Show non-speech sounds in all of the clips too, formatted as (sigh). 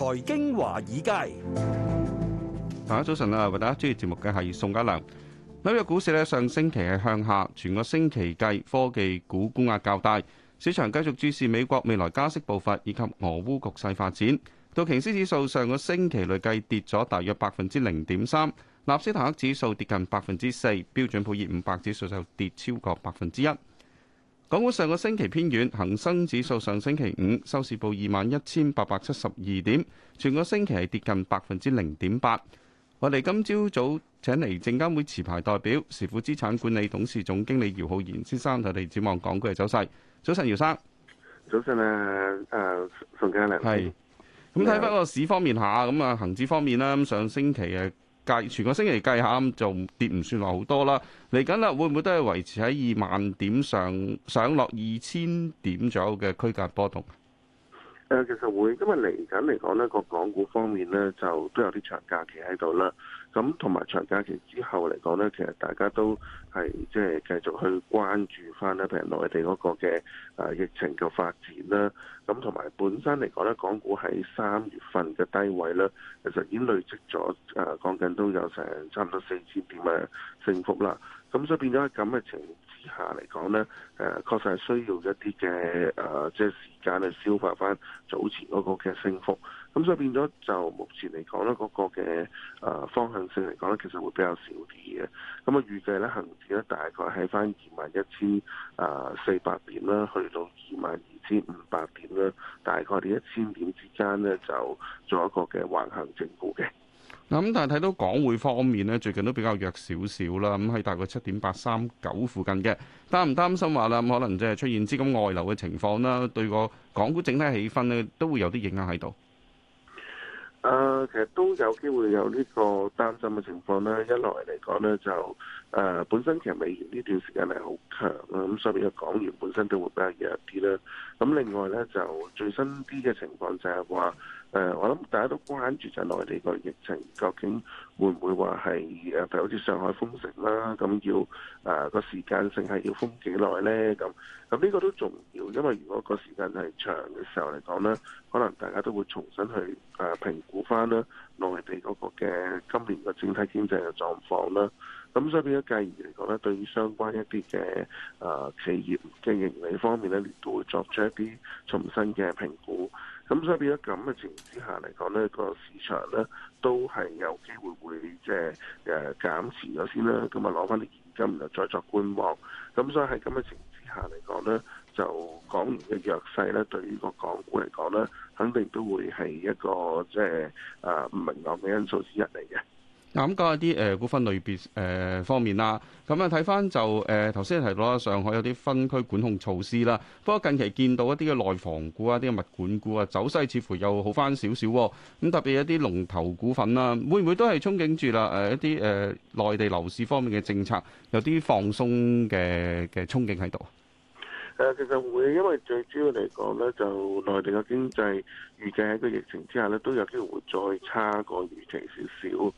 財經華爾街，大家早晨啊！為大家主持節目嘅係宋家良。紐約股市呢，上星期係向下，全個星期計科技股估壓較大，市場繼續注視美國未來加息步伐以及俄烏局勢發展。道瓊斯指數上個星期累計跌咗大約百分之零點三，納斯達克指數跌近百分之四，標準普爾五百指數就跌超過百分之一。港股上個星期偏軟，恒生指數上星期五收市報二萬一千八百七十二點，全個星期係跌近百分之零點八。我哋今朝早，早請嚟證監會持牌代表時富資產管理董事總經理姚浩然先生同我哋展望港股嘅走勢。早晨，姚生。早晨啊，誒、uh, 宋經玲，係。咁睇翻個市方面下，咁啊恒指方面啦，咁上星期誒。計全個星期嚟計下，就跌唔算話好多啦。嚟緊啦，會唔會都係維持喺二萬點上上落二千點左右嘅區間波動？誒，其實會，因為嚟緊嚟講呢個港股方面呢，就都有啲長假期喺度啦。咁同埋長假期之後嚟講呢，其實大家都係即係繼續去關注翻咧，譬如內地嗰個嘅誒疫情嘅發展啦。咁同埋本身嚟講咧，港股喺三月份嘅低位呢，其實已經累積咗誒，講、呃、緊都有成差唔多四千點嘅升幅啦。咁所以變咗喺咁嘅情況之下嚟講呢，誒、呃、確實係需要一啲嘅誒，即、呃、係時間去消化翻早前嗰個嘅升幅。咁所以變咗就目前嚟講咧，嗰個嘅誒方向性嚟講咧，其實會比較少啲嘅。咁啊預計咧，恒指咧大概喺翻二萬一千啊四百點啦，去到二萬二千五百點啦，大概喺一千點之間咧，就做一個嘅橫向整固嘅。嗱咁，但係睇到港匯方面咧，最近都比較弱少少啦。咁喺大概七點八三九附近嘅，擔唔擔心話咧，咁可能即係出現資金外流嘅情況啦，對個港股整體氣氛咧都會有啲影響喺度。誒，uh, 其實都有機會有個擔呢個擔心嘅情況啦。一來嚟講咧，就。誒、呃、本身其實美元呢段時間係好強啦，咁、嗯、所以個港元本身都會比較弱啲啦。咁、嗯、另外咧就最新啲嘅情況就係話，誒、呃、我諗大家都關注就係內地個疫情究竟會唔會話係誒，譬如好似上海封城啦，咁、嗯、要誒個、呃、時間性係要封幾耐咧？咁咁呢個都重要，因為如果個時間係長嘅時候嚟講咧，可能大家都會重新去誒評估翻啦內地嗰個嘅今年個整體經濟嘅狀況啦。咁所以變咗，繼而嚟講咧，對於相關一啲嘅啊企業嘅盈利方面咧，亦都會作出一啲重新嘅評估。咁所以變咗咁嘅情況之下嚟講咧，個市場咧都係有機會會即係誒減持咗先啦，咁啊攞翻啲現金，然後再作觀望。咁所以喺咁嘅情況之下嚟講咧，就港元嘅弱勢咧，對於個港股嚟講咧，肯定都會係一個即係啊唔明朗嘅因素之一嚟嘅。咁、嗯、講一啲誒、呃、股份類別誒、呃、方面啦，咁啊睇翻就誒頭先提到啦，上海有啲分區管控措施啦、啊。不過近期見到一啲嘅內房股啊、啲物管股啊走勢似乎又好翻少少喎。咁、啊、特別一啲龍頭股份啦、啊，會唔會都係憧憬住啦？誒、啊、一啲誒、呃、內地樓市方面嘅政策有啲放鬆嘅嘅憧憬喺度。誒，其實會，因為最主要嚟講咧，就內地嘅經濟預計喺個疫情之下咧，都有機會再差過預期少少。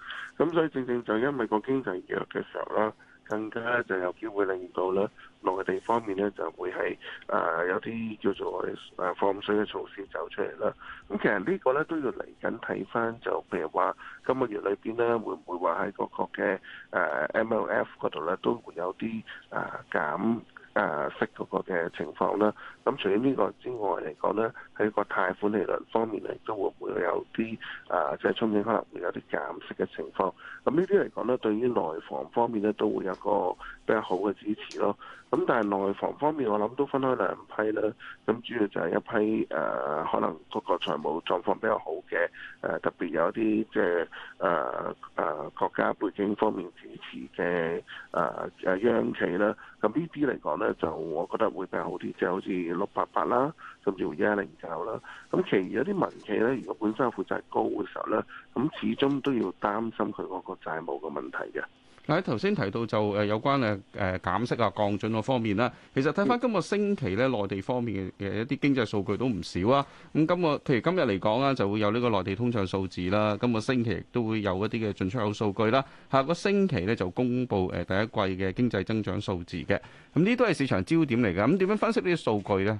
咁所以正正就因為個經濟弱嘅時候啦，更加就有機會令到咧內地方面咧就會係誒、呃、有啲叫做誒放水嘅措施走出嚟啦。咁其實個呢個咧都要嚟緊睇返，就譬如話今個月裏邊咧，會唔會話喺各個嘅誒 MLF 嗰度咧都會有啲誒、呃、減誒息嗰個嘅情況啦，咁除咗呢個之外嚟講呢，喺個貸款利率方面咧，都會會有啲誒，即係中央可能會有啲減息嘅情況。咁呢啲嚟講呢，對於內房方面呢，都會有一個比較好嘅支持咯。咁但係內房方面，我諗都分開兩批啦。咁主要就係一批誒、啊，可能嗰個財務狀況比較好嘅誒、啊，特別有一啲即係誒誒國家背景方面支持嘅誒誒央企啦。咁呢啲嚟講咧就我覺得會比較好啲，即係好似六八八啦，甚至乎一零九啦。咁，其餘有啲民企咧，如果本身負債高嘅時候咧，咁始終都要擔心佢嗰個債務嘅問題嘅。嗱，喺頭先提到就誒有關誒誒減息啊降準嗰方面啦，其實睇翻今個星期咧內地方面嘅一啲經濟數據都唔少啊。咁今日譬如今日嚟講啦，就會有呢個內地通脹數字啦。今個星期亦都會有一啲嘅進出口數據啦。下個星期咧就公布誒第一季嘅經濟增長數字嘅。咁呢都係市場焦點嚟㗎。咁點樣分析呢啲數據咧？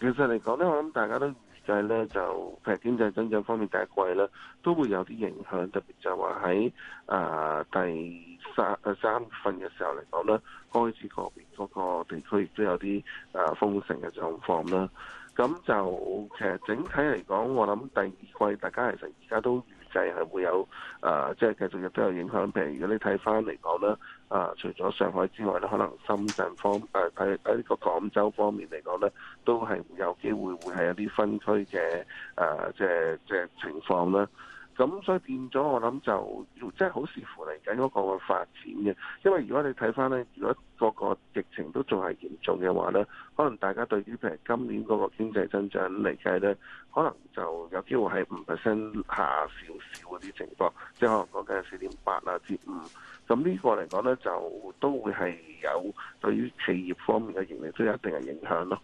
其實嚟講咧，我諗大家都。就係咧，就其實經濟增長方面第一季咧都會有啲影響，特別就係話喺啊第三、呃、三啊三月份嘅時候嚟講咧，開始嗰邊嗰個地區亦都有啲啊封城嘅狀況啦。咁就其實整體嚟講，我諗第二季大家其實而家都。就係會有誒，即、呃、係、就是、繼續亦都有影響。譬如，如果你睇翻嚟講啦，啊，除咗上海之外咧，可能深圳方誒喺喺呢個廣州方面嚟講咧，都係有機會會係有啲分區嘅誒，即係即係情況啦。咁所以變咗，我諗就即係好視乎嚟緊嗰個發展嘅。因為如果你睇翻呢，如果個個疫情都仲係嚴重嘅話呢，可能大家對於譬如今年嗰個經濟增長嚟計呢，可能就有機會喺五%下少少嗰啲情況，即係可能講緊係四點八啊，至五。咁呢個嚟講呢，就都會係有對於企業方面嘅盈利都有一定嘅影響咯。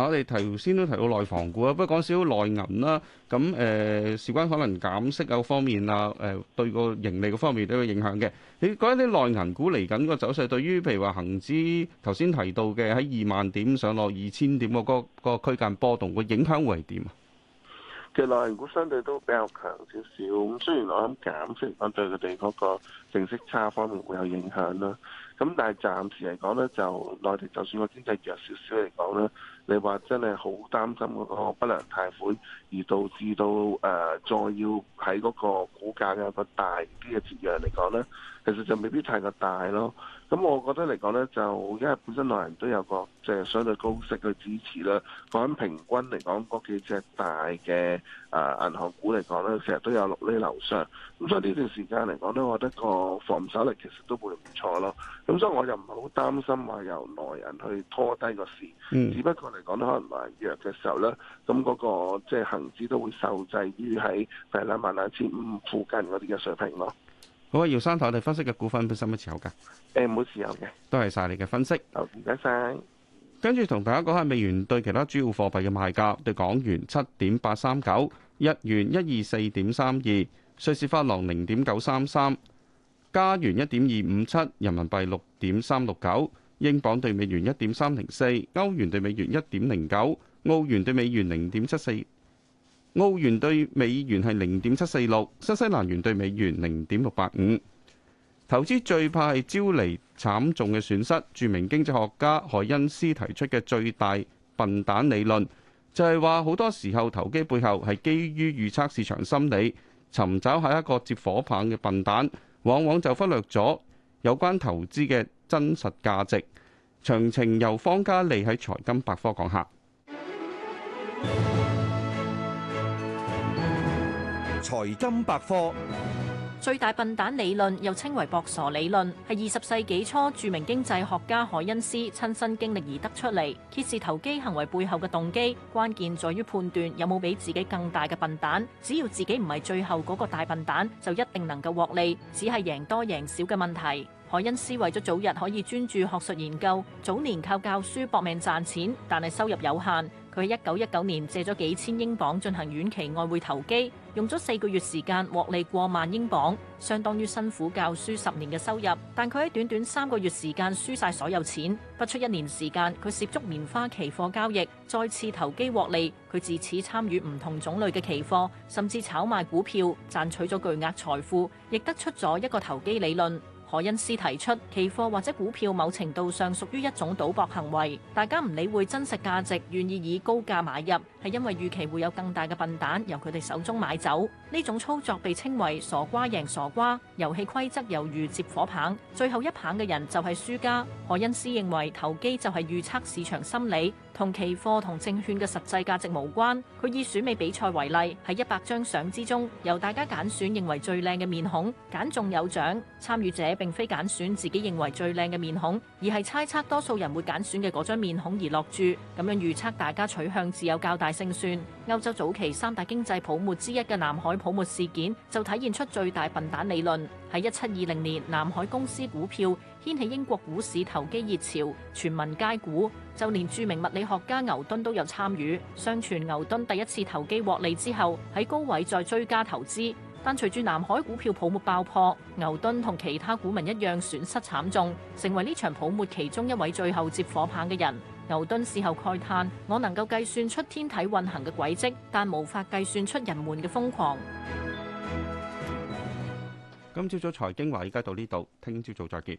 我哋頭先都提到內房股啊，不過講少少內銀啦。咁誒、呃，事關可能減息有方面啊，誒、呃、對個盈利嗰方面都有影響嘅。你講一啲內銀股嚟緊個走勢，對於譬如話恒指頭先提到嘅喺二萬點上落二千點個個個區間波動，個影響會係點啊？其實內銀股相對都比較強少少。咁雖然我諗減息可能對佢哋嗰個淨息差方面會有影響啦。咁但係暫時嚟講咧，就內地就算個經濟弱少少嚟講咧。你話真係好擔心嗰個不良貸款，而導致到誒、呃、再要喺嗰個股價嘅一個大啲嘅折讓嚟講咧。其實就未必太過大咯，咁我覺得嚟講咧，就因為本身內人都有個即係相對高息去支持啦。講緊平均嚟講，嗰幾隻大嘅啊、呃、銀行股嚟講咧，成日都有六厘樓上。咁所以呢段時間嚟講咧，我覺得個防守力其實都唔會唔錯咯。咁所以我就唔係好擔心話由內人去拖低個市。嗯、只不過嚟講可能買弱嘅時候咧，咁嗰、那個即係恆指都會受制於喺兩萬兩千五附近嗰啲嘅水平咯。好啊，姚生，睇我哋分析嘅股份，有冇持有噶？誒，冇持有嘅。都係晒你嘅分析。好，唔該晒。跟住同大家講下美元對其他主要貨幣嘅賣價：對港元七點八三九，日元一二四點三二，瑞士法郎零點九三三，加元一點二五七，人民幣六點三六九，英鎊對美元一點三零四，歐元對美元一點零九，澳元對美元零點七四。澳元兌美元係零點七四六，新西蘭元兌美元零點六八五。投資最怕係招嚟慘重嘅損失。著名經濟學家凱恩斯提出嘅最大笨蛋理論，就係話好多時候投機背後係基於預測市場心理，尋找下一個接火棒嘅笨蛋，往往就忽略咗有關投資嘅真實價值。詳情由方嘉利喺財金百科講下。 (music) 財金百科最大笨蛋理論又稱為博傻理論，係二十世紀初著名經濟學家凱恩斯親身經歷而得出嚟。揭示投機行為背後嘅動機，關鍵在於判斷有冇比自己更大嘅笨蛋。只要自己唔係最後嗰個大笨蛋，就一定能夠獲利，只係贏多贏少嘅問題。凱恩斯為咗早日可以專注學術研究，早年靠教書搏命賺錢，但係收入有限。佢喺一九一九年借咗幾千英鎊進行遠期外匯投機。用咗四個月時間獲利過萬英鎊，相當於辛苦教書十年嘅收入。但佢喺短短三個月時間輸晒所有錢，不出一年時間，佢涉足棉花期貨交易，再次投機獲利。佢自此參與唔同種類嘅期貨，甚至炒賣股票，賺取咗巨額財富，亦得出咗一個投機理論。凱恩斯提出，期貨或者股票某程度上屬於一種賭博行為，大家唔理會真實價值，願意以高價買入，係因為預期會有更大嘅笨蛋由佢哋手中買走。呢種操作被稱為傻瓜贏傻瓜。遊戲規則猶如接火棒，最後一棒嘅人就係輸家。凱恩斯認為投機就係預測市場心理，同期貨同證券嘅實際價值無關，佢以選美比賽為例，喺一百張相之中，由大家揀選，選認為最靚嘅面孔，揀中有獎。參與者並非揀選，選自己認為最靚嘅面孔，而係猜測多數人會揀選嘅嗰張面孔而落注，咁樣預測大家取向自有較大勝算。歐洲早期三大經濟泡沫之一嘅南海泡沫事件，就體現出最大笨蛋理論。喺一七二零年，南海公司股票，掀起英國股市投機熱潮，全民皆股，就連著名物理學家牛頓都有參與。相傳牛頓第一次投機獲利之後，喺高位再追加投資，但隨住南海股票泡沫爆破，牛頓同其他股民一樣損失慘重，成為呢場泡沫其中一位最後接火棒嘅人。牛頓事後慨嘆：我能夠計算出天體運行嘅軌跡，但無法計算出人們嘅瘋狂。今朝早財經華爾街，依家到呢度，聽朝早再見。